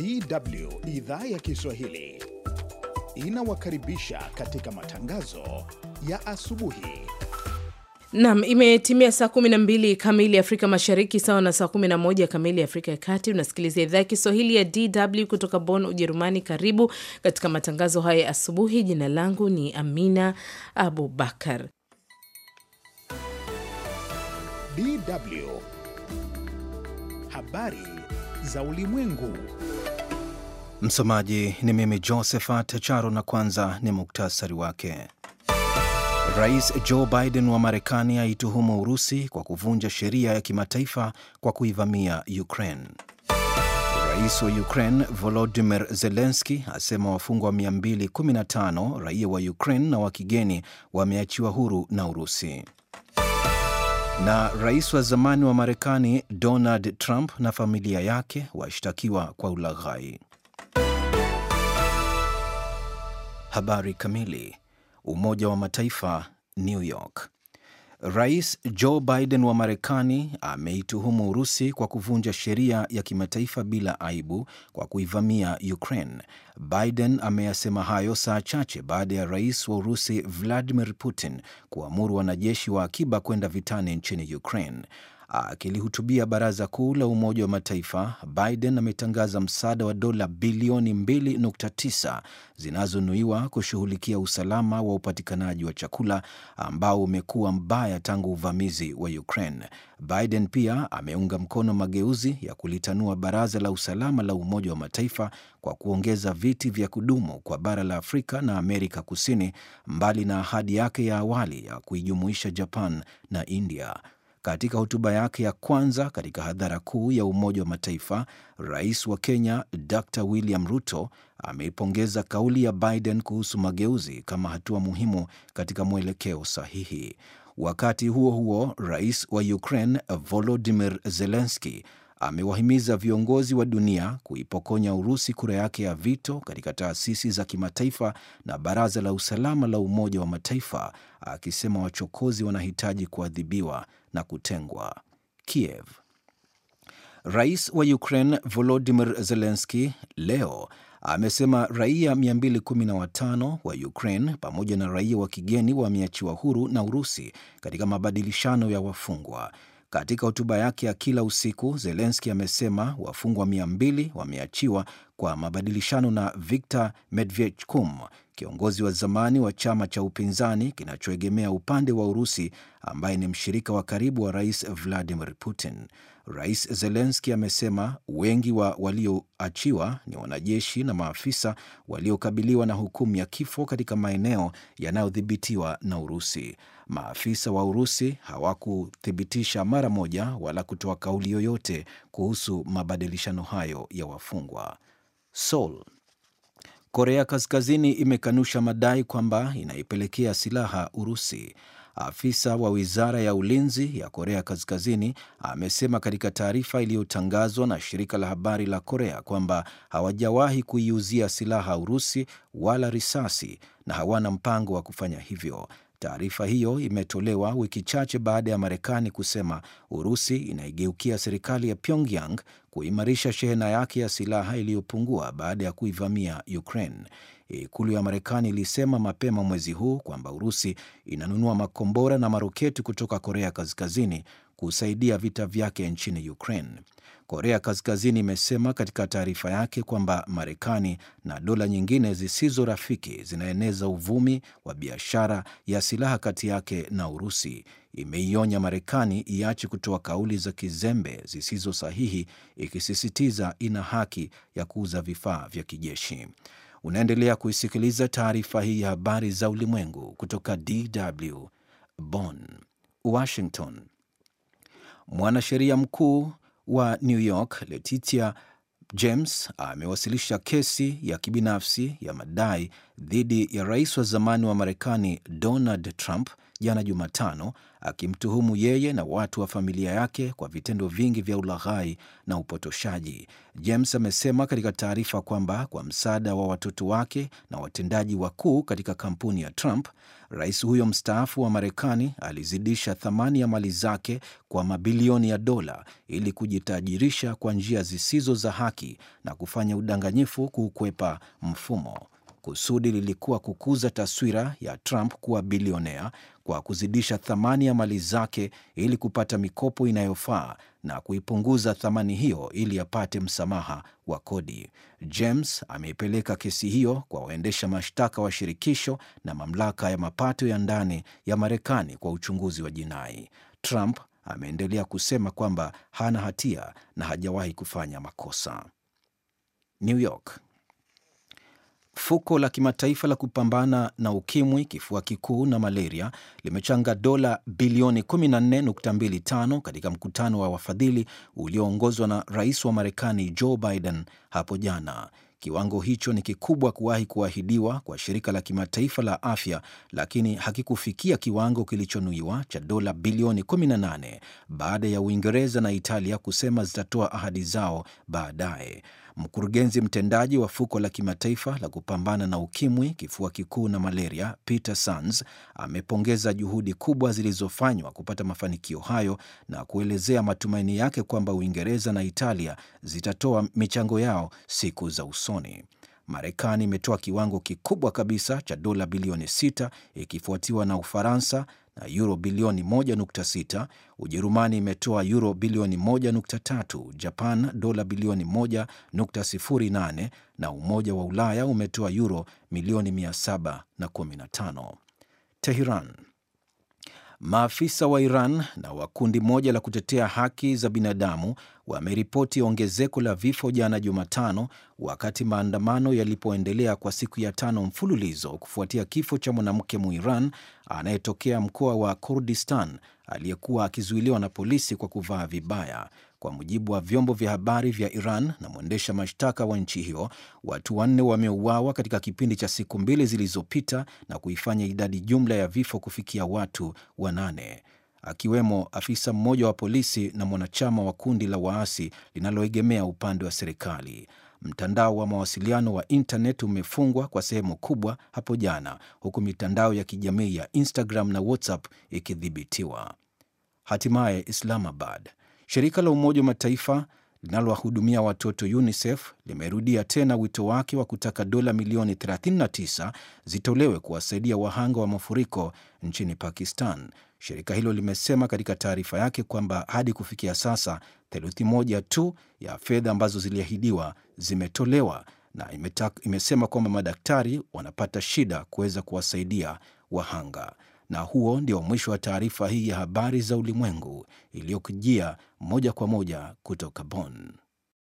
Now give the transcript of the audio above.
DW idhaa ya Kiswahili inawakaribisha katika matangazo ya asubuhi. Nam, imetimia saa 12 kamili Afrika Mashariki, sawa na saa 11 kamili Afrika ya Kati. Unasikiliza idhaa ya Kiswahili ya DW kutoka Bonn, Ujerumani. Karibu katika matangazo haya ya asubuhi. Jina langu ni Amina Abubakar. DW habari za ulimwengu. Msomaji ni mimi Josephat Charo, na kwanza ni muktasari wake. Rais Joe Biden wa Marekani aituhumu Urusi kwa kuvunja sheria ya kimataifa kwa kuivamia Ukraine. Rais wa Ukraine Volodymyr Zelensky asema wafungwa 215 raia wa Ukraine na wa kigeni wameachiwa huru na Urusi. Na rais wa zamani wa Marekani Donald Trump na familia yake washtakiwa kwa ulaghai. Habari kamili. Umoja wa Mataifa, New York. Rais Joe Biden wa Marekani ameituhumu Urusi kwa kuvunja sheria ya kimataifa bila aibu kwa kuivamia Ukraine. Biden ameyasema hayo saa chache baada ya rais wa Urusi Vladimir Putin kuamuru wanajeshi wa akiba kwenda vitani nchini Ukraine. Akilihutubia baraza kuu la Umoja wa Mataifa, Biden ametangaza msaada wa dola bilioni 2.9 zinazonuiwa kushughulikia usalama wa upatikanaji wa chakula ambao umekuwa mbaya tangu uvamizi wa Ukraine. Biden pia ameunga mkono mageuzi ya kulitanua Baraza la Usalama la Umoja wa Mataifa kwa kuongeza viti vya kudumu kwa bara la Afrika na Amerika Kusini, mbali na ahadi yake ya awali ya kuijumuisha Japan na India. Katika hotuba yake ya kwanza katika hadhara kuu ya Umoja wa Mataifa, rais wa Kenya Dr William Ruto ameipongeza kauli ya Biden kuhusu mageuzi kama hatua muhimu katika mwelekeo sahihi. Wakati huo huo, rais wa Ukraine Volodymyr Zelensky amewahimiza viongozi wa dunia kuipokonya Urusi kura yake ya vito katika taasisi za kimataifa na Baraza la Usalama la Umoja wa Mataifa, akisema wachokozi wanahitaji kuadhibiwa na kutengwa. Kiev. Rais wa Ukraine Volodymyr Zelensky leo amesema raia 215 wa Ukraine pamoja na raia wa kigeni wameachiwa huru na Urusi katika mabadilishano ya wafungwa. Katika hotuba yake ya kila usiku, Zelenski amesema wafungwa mia mbili wameachiwa kwa mabadilishano na Viktor Medvedchuk, kiongozi wa zamani wa chama cha upinzani kinachoegemea upande wa Urusi ambaye ni mshirika wa karibu wa rais Vladimir Putin. Rais Zelenski amesema wengi wa walioachiwa ni wanajeshi na maafisa waliokabiliwa na hukumu ya kifo katika maeneo yanayodhibitiwa na Urusi. Maafisa wa Urusi hawakuthibitisha mara moja wala kutoa kauli yoyote kuhusu mabadilishano hayo ya wafungwa. Seoul. Korea Kaskazini imekanusha madai kwamba inaipelekea silaha Urusi afisa wa wizara ya ulinzi ya Korea Kaskazini amesema katika taarifa iliyotangazwa na shirika la habari la Korea kwamba hawajawahi kuiuzia silaha Urusi wala risasi na hawana mpango wa kufanya hivyo. Taarifa hiyo imetolewa wiki chache baada ya Marekani kusema Urusi inaigeukia serikali ya Pyongyang kuimarisha shehena yake ya silaha iliyopungua baada ya kuivamia Ukraine. Ikulu ya Marekani ilisema mapema mwezi huu kwamba Urusi inanunua makombora na maroketi kutoka Korea Kaskazini kusaidia vita vyake nchini Ukraine. Korea Kaskazini imesema katika taarifa yake kwamba Marekani na dola nyingine zisizo rafiki zinaeneza uvumi wa biashara ya silaha kati yake na Urusi. Imeionya Marekani iache kutoa kauli za kizembe zisizo sahihi, ikisisitiza ina haki ya kuuza vifaa vya kijeshi. Unaendelea kuisikiliza taarifa hii ya habari za ulimwengu kutoka DW Bonn, Washington. Mwanasheria mkuu wa New York Letitia James amewasilisha kesi ya kibinafsi ya madai dhidi ya rais wa zamani wa Marekani Donald Trump jana Jumatano akimtuhumu yeye na watu wa familia yake kwa vitendo vingi vya ulaghai na upotoshaji. James amesema katika taarifa kwamba kwa msaada wa watoto wake na watendaji wakuu katika kampuni ya Trump, rais huyo mstaafu wa Marekani alizidisha thamani ya mali zake kwa mabilioni ya dola ili kujitajirisha kwa njia zisizo za haki na kufanya udanganyifu kuukwepa mfumo kusudi lilikuwa kukuza taswira ya Trump kuwa bilionea kwa kuzidisha thamani ya mali zake ili kupata mikopo inayofaa na kuipunguza thamani hiyo ili apate msamaha wa kodi. James ameipeleka kesi hiyo kwa waendesha mashtaka wa shirikisho na mamlaka ya mapato ya ndani ya Marekani kwa uchunguzi wa jinai. Trump ameendelea kusema kwamba hana hatia na hajawahi kufanya makosa. New York. Fuko la kimataifa la kupambana na ukimwi, kifua kikuu na malaria limechanga dola bilioni 14.25 katika mkutano wa wafadhili ulioongozwa na rais wa Marekani Joe Biden hapo jana. Kiwango hicho ni kikubwa kuwahi kuahidiwa kwa shirika la kimataifa la afya, lakini hakikufikia kiwango kilichonuiwa cha dola bilioni 18 baada ya Uingereza na Italia kusema zitatoa ahadi zao baadaye. Mkurugenzi mtendaji wa fuko la kimataifa la kupambana na ukimwi, kifua kikuu na malaria, Peter Sands amepongeza juhudi kubwa zilizofanywa kupata mafanikio hayo na kuelezea matumaini yake kwamba Uingereza na Italia zitatoa michango yao siku za usoni usoni. Marekani imetoa kiwango kikubwa kabisa cha dola bilioni 6 ikifuatiwa na Ufaransa na yuro bilioni 1.6. Ujerumani imetoa yuro bilioni 1.3, Japan dola bilioni 1.08 na Umoja wa Ulaya umetoa yuro milioni 715. Teheran Maafisa wa Iran na wa kundi moja la kutetea haki za binadamu wameripoti ongezeko la vifo jana Jumatano, wakati maandamano yalipoendelea kwa siku ya tano mfululizo kufuatia kifo cha mwanamke Muiran anayetokea mkoa wa Kurdistan aliyekuwa akizuiliwa na polisi kwa kuvaa vibaya. Kwa mujibu wa vyombo vya habari vya Iran na mwendesha mashtaka wa nchi hiyo, watu wanne wameuawa katika kipindi cha siku mbili zilizopita na kuifanya idadi jumla ya vifo kufikia watu wanane akiwemo afisa mmoja wa polisi na mwanachama wa kundi la waasi linaloegemea upande wa serikali. Mtandao wa mawasiliano wa intanet umefungwa kwa sehemu kubwa hapo jana, huku mitandao ya kijamii ya Instagram na WhatsApp ikidhibitiwa. Hatimaye Islamabad Shirika la Umoja wa Mataifa linalowahudumia watoto UNICEF limerudia tena wito wake wa kutaka dola milioni 39 zitolewe kuwasaidia wahanga wa mafuriko nchini Pakistan. Shirika hilo limesema katika taarifa yake kwamba hadi kufikia sasa theluthi moja tu ya fedha ambazo ziliahidiwa zimetolewa na imetak, imesema kwamba madaktari wanapata shida kuweza kuwasaidia wahanga. Na huo ndio mwisho wa taarifa hii ya habari za ulimwengu iliyokujia moja kwa moja kutoka Bonn.